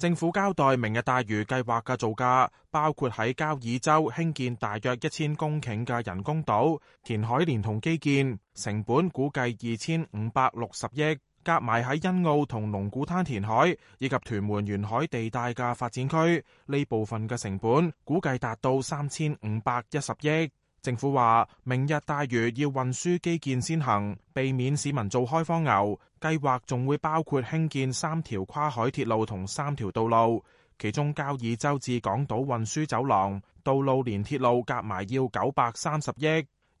政府交代明日大嶼計劃嘅造價，包括喺交椅洲興建大約一千公頃嘅人工島填海，連同基建，成本估計二千五百六十億；夾埋喺欣澳同龍鼓灘填海，以及屯門沿海地帶嘅發展區，呢部分嘅成本估計達到三千五百一十億。政府話，明日大嶼要運輸基建先行，避免市民做開荒牛。計劃仲會包括興建三條跨海鐵路同三條道路，其中交椅洲至港島運輸走廊道路連鐵路夾埋要九百三十億，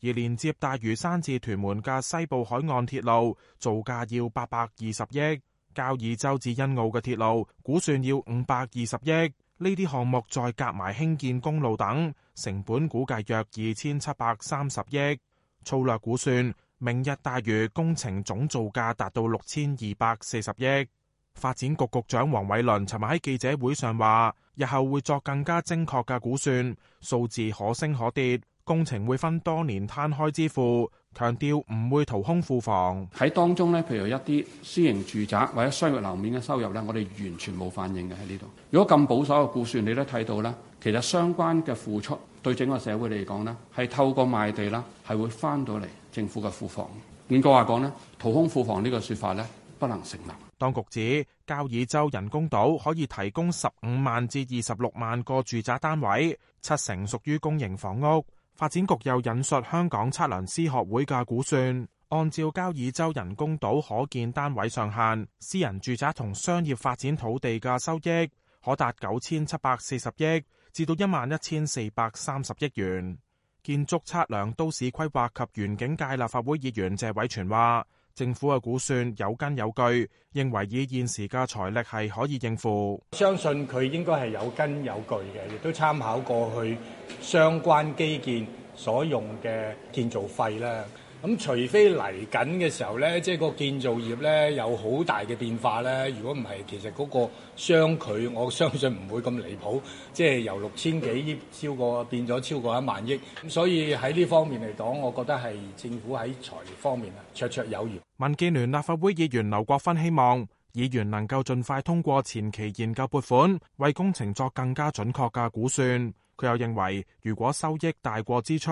而連接大嶼山至屯門嘅西部海岸鐵路造價要八百二十億，交椅洲至欣澳嘅鐵路估算要五百二十億，呢啲項目再夾埋興建公路等，成本估計約二千七百三十億，粗略估算。明日大嶼工程總造價達到六千二百四十億，發展局局長黃偉綸尋日喺記者會上話：日後會作更加精確嘅估算，數字可升可跌，工程會分多年攤開支付，強調唔會掏空庫房。喺當中呢，譬如一啲私營住宅或者商業樓面嘅收入呢，我哋完全冇反映嘅喺呢度。如果咁保守嘅估算，你都睇到啦，其實相關嘅付出。對整個社會嚟講呢，係透過賣地啦，係會翻到嚟政府嘅庫房。按個話講呢，掏空庫房呢個説法呢，不能成立。當局指，交椅洲人工島可以提供十五萬至二十六萬個住宅單位，七成屬於公營房屋。發展局又引述香港測量師學會嘅估算，按照交椅洲人工島可建單位上限，私人住宅同商業發展土地嘅收益可達九千七百四十億。至到一萬一千四百三十億元。建築測量、都市規劃及園境界立法會議員謝偉銓話：政府嘅估算有根有據，認為以現時嘅財力係可以應付。相信佢應該係有根有據嘅，亦都參考過去相關基建所用嘅建造費啦。咁除非嚟緊嘅時候咧，即係個建造業咧有好大嘅變化咧。如果唔係，其實嗰個相距我相信唔會咁離譜，即係由六千幾億超過變咗超過一萬億，咁所以喺呢方面嚟講，我覺得係政府喺財力方面啊，綽綽有餘。民建聯立法會議員劉國芬希望議員能夠盡快通過前期研究撥款，為工程作更加準確嘅估算。佢又認為如果收益大過支出，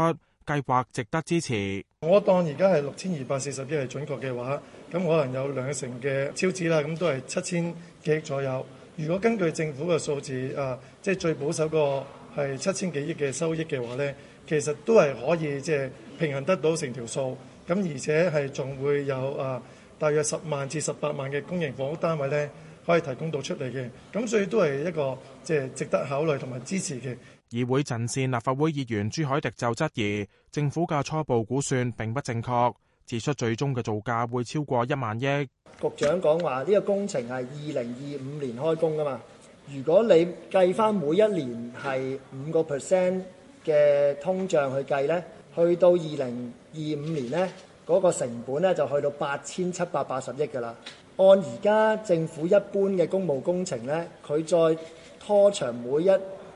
計劃值得支持。我當而家係六千二百四十億係準確嘅話，咁可能有兩成嘅超支啦，咁都係七千幾億左右。如果根據政府嘅數字啊，即係最保守個係七千幾億嘅收益嘅話呢，其實都係可以即係平衡得到成條數。咁而且係仲會有啊大約十萬至十八萬嘅公營房屋單位呢，可以提供到出嚟嘅。咁所以都係一個即係值得考慮同埋支持嘅。議會陣線立法會議員朱凱迪就質疑政府嘅初步估算並不正確，指出最終嘅造價會超過一萬億。局長講話呢個工程係二零二五年開工噶嘛？如果你計翻每一年係五個 percent 嘅通脹去計呢，去到二零二五年呢，嗰個成本呢就去到八千七百八十億噶啦。按而家政府一般嘅公務工程呢，佢再拖長每一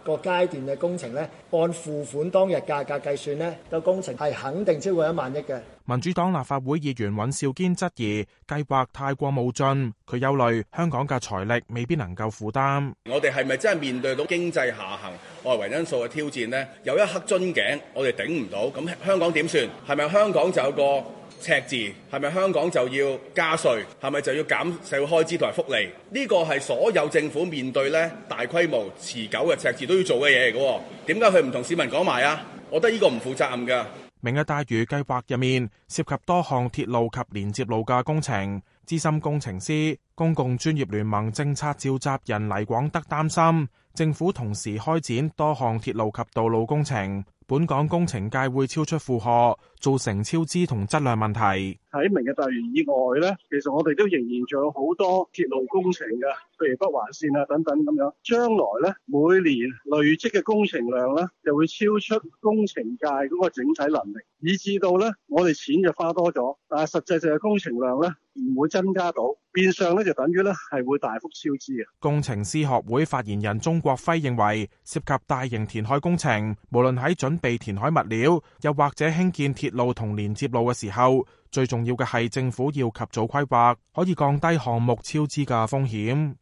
個階段嘅工程呢，按付款當日價格計算呢，個工程係肯定超過一萬億嘅。民主黨立法會議員尹兆堅質疑計劃太過冇盡，佢憂慮香港嘅財力未必能夠負擔。我哋係咪真係面對到經濟下行外圍因素嘅挑戰呢，有一刻樽頸，我哋頂唔到，咁香港點算？係咪香港就有個？赤字？係咪香港就要加稅？係咪就要減社會開支同埋福利？呢個係所有政府面對呢大規模持久嘅赤字都要做嘅嘢嚟嘅。點解佢唔同市民講埋啊？我覺得呢個唔負責任嘅。明日大嶼計劃入面涉及多項鐵路及連接路嘅工程，資深工程師公共專業聯盟政策召集人黎廣德擔心政府同時開展多項鐵路及道路工程。本港工程界會超出負荷，造成超支同質量問題。喺明日大嶼以外呢，其實我哋都仍然仲有好多鐵路工程嘅，譬如北環線啊等等咁樣。將來呢，每年累積嘅工程量呢，就會超出工程界嗰個整體能力，以至到呢，我哋錢就花多咗，但係實際上工程量呢，唔會增加到變相呢，就等於呢係會大幅超支嘅。工程師學會發言人鍾國輝認為，涉及大型填海工程，無論喺準備填海物料，又或者興建鐵路同連接路嘅時候，最重要嘅係政府要及早規劃，可以降低項目超支嘅風險。